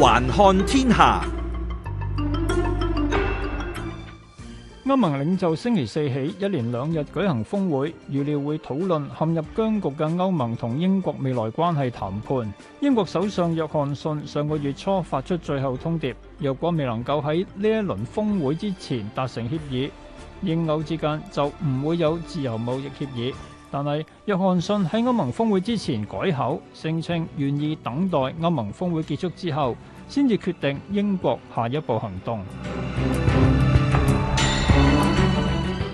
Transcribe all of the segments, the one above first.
環看天下，歐盟領袖星期四起一連兩日舉行峰會，預料會討論陷入僵局嘅歐盟同英國未來關係談判。英國首相約翰遜上個月初發出最後通牒，若果未能夠喺呢一輪峰會之前達成協議，英歐之間就唔會有自由貿易協議。但係約翰遜喺歐盟峰會之前改口，聲稱願意等待歐盟峰會結束之後，先至決定英國下一步行動。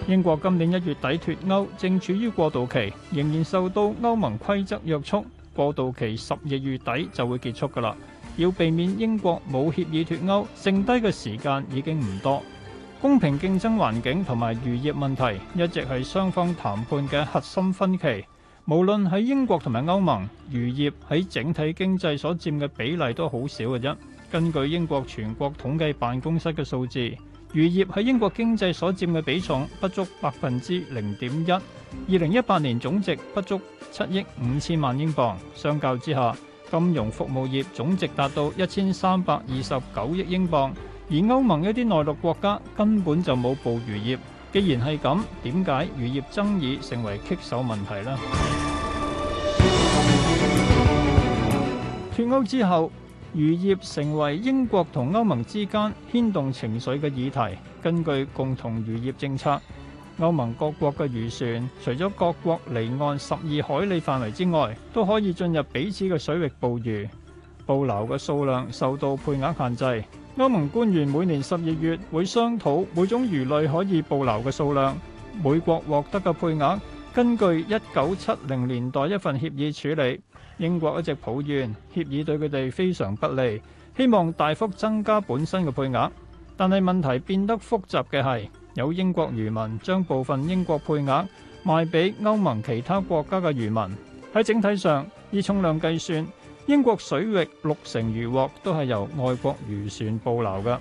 英國今年一月底脫歐正處於過渡期，仍然受到歐盟規則約束。過渡期十二月底就會結束㗎喇，要避免英國冇協議脫歐，剩低嘅時間已經唔多。公平競爭環境同埋漁業問題一直係雙方談判嘅核心分歧。無論喺英國同埋歐盟，漁業喺整體經濟所佔嘅比例都好少嘅啫。根據英國全國統計辦公室嘅數字，漁業喺英國經濟所佔嘅比重不足百分之零點一，二零一八年總值不足七億五千萬英鎊。相較之下，金融服務業總值達到一千三百二十九億英鎊。而歐盟一啲內陸國家根本就冇捕漁業，既然係咁，點解漁業爭議成為棘手問題呢？脫歐之後，漁業成為英國同歐盟之間牽動情緒嘅議題。根據共同漁業政策，歐盟各國嘅漁船，除咗各國離岸十二海里範圍之外，都可以進入彼此嘅水域捕魚，捕撈嘅數量受到配額限制。歐盟官員每年十二月會商討每種魚類可以捕撈嘅數量，每國獲得嘅配額根據一九七零年代一份協議處理。英國一直抱怨協議對佢哋非常不利，希望大幅增加本身嘅配額。但係問題變得複雜嘅係，有英國漁民將部分英國配額賣俾歐盟其他國家嘅漁民。喺整體上，以重量計算。英國水域六成漁獲都係由外國漁船捕撈嘅。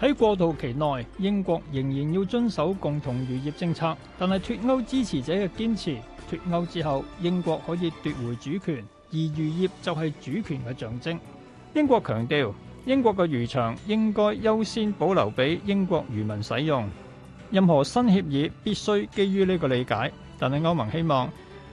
喺過渡期內，英國仍然要遵守共同漁業政策，但係脫歐支持者嘅堅持，脫歐之後英國可以奪回主權，而漁業就係主權嘅象徵。英國強調，英國嘅漁場應該優先保留俾英國漁民使用，任何新協議必須基於呢個理解。但係歐盟希望。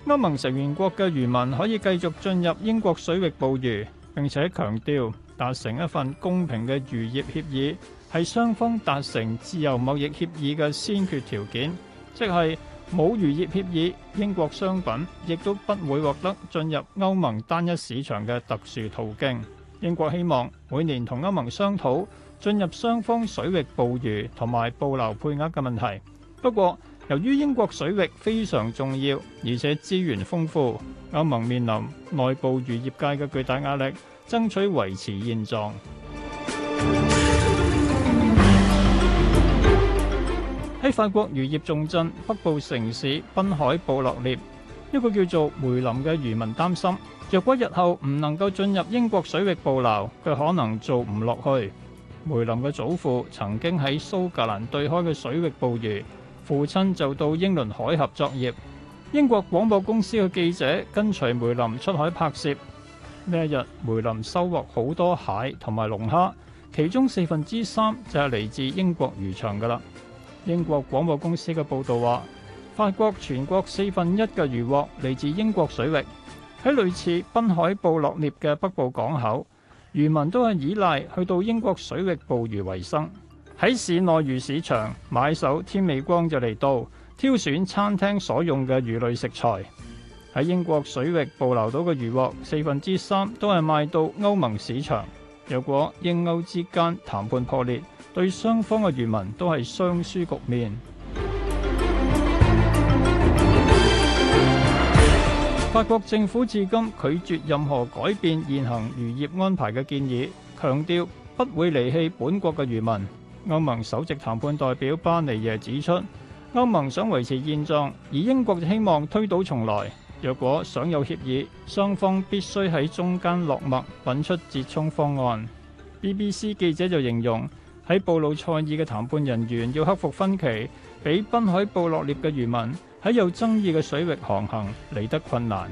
歐盟成員國嘅漁民可以繼續進入英國水域捕魚，並且強調達成一份公平嘅漁業協議係雙方達成自由貿易協議嘅先決條件，即係冇漁業協議，英國商品亦都不會獲得進入歐盟單一市場嘅特殊途徑。英國希望每年同歐盟商討進入雙方水域捕魚同埋捕撈配額嘅問題，不過，由於英國水域非常重要，而且資源豐富，歐盟面臨內部漁業界嘅巨大壓力，爭取維持現狀。喺法國漁業重鎮北部城市濱海布洛涅，一個叫做梅林嘅漁民擔心，若果日後唔能夠進入英國水域捕撈，佢可能做唔落去。梅林嘅祖父曾經喺蘇格蘭對開嘅水域捕魚。父親就到英倫海峽作業，英國廣播公司嘅記者跟隨梅林出海拍攝。呢一日，梅林收穫好多蟹同埋龍蝦，其中四分之三就係嚟自英國漁場㗎喇。英國廣播公司嘅報導話，法國全國四分一嘅漁獲嚟自英國水域。喺類似濱海布洛涅嘅北部港口，漁民都係依賴去到英國水域捕魚為生。喺市內魚市場買手天未光就嚟到挑選餐廳所用嘅魚類食材。喺英國水域捕撈到嘅漁獲，四分之三都係賣到歐盟市場。若果英歐之間談判破裂，對雙方嘅漁民都係雙輸局面。法國政府至今拒絕任何改變現行漁業安排嘅建議，強調不會離棄本國嘅漁民。歐盟首席談判代表巴尼耶指出，歐盟想維持現狀，而英國希望推倒重來。若果想有協議，雙方必須喺中間落墨，揾出折衷方案。BBC 記者就形容，喺布魯塞爾嘅談判人員要克服分歧，畀濱海布洛涅嘅漁民喺有爭議嘅水域航行嚟得困難。